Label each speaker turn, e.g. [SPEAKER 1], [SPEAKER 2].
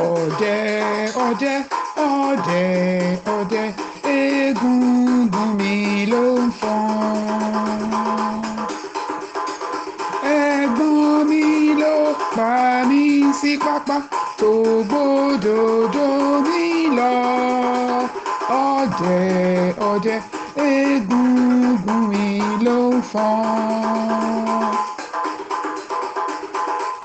[SPEAKER 1] ọdẹ ọdẹ ọdẹ ọdẹ egungun mi ló
[SPEAKER 2] ń fọn ẹ̀gbọ́n mi ló pa mí sí pápá tó gbódòdó mi lọ ọdẹ ọdẹ egungun
[SPEAKER 3] mi ló ń fọn.